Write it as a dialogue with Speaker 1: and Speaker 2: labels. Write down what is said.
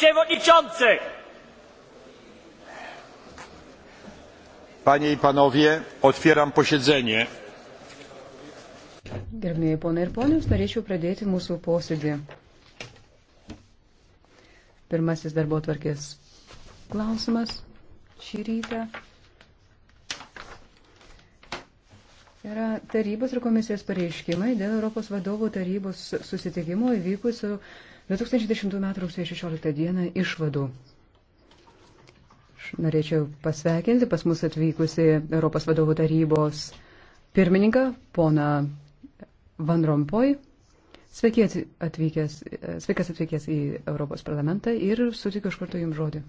Speaker 1: przewodniczący!
Speaker 2: Panie i panowie, otwieram posiedzenie.
Speaker 3: Gerbėjai ponai ir ponios, norėčiau pradėti mūsų posėdį. Pirmasis darbo tvarkės klausimas šį rytą. yra tarybos ir komisijos pareiškimai dėl Europos vadovų tarybos susitikimo įvykusių 2010 m. rugsėjo 16 d. išvadų. Aš norėčiau pasveikinti pas mus atvykusi Europos vadovų tarybos pirmininką, poną Van Rompoj. Sveiki atvykęs, e, sveikas atvykęs į Europos parlamentą ir sutikiu iš karto jums žodį.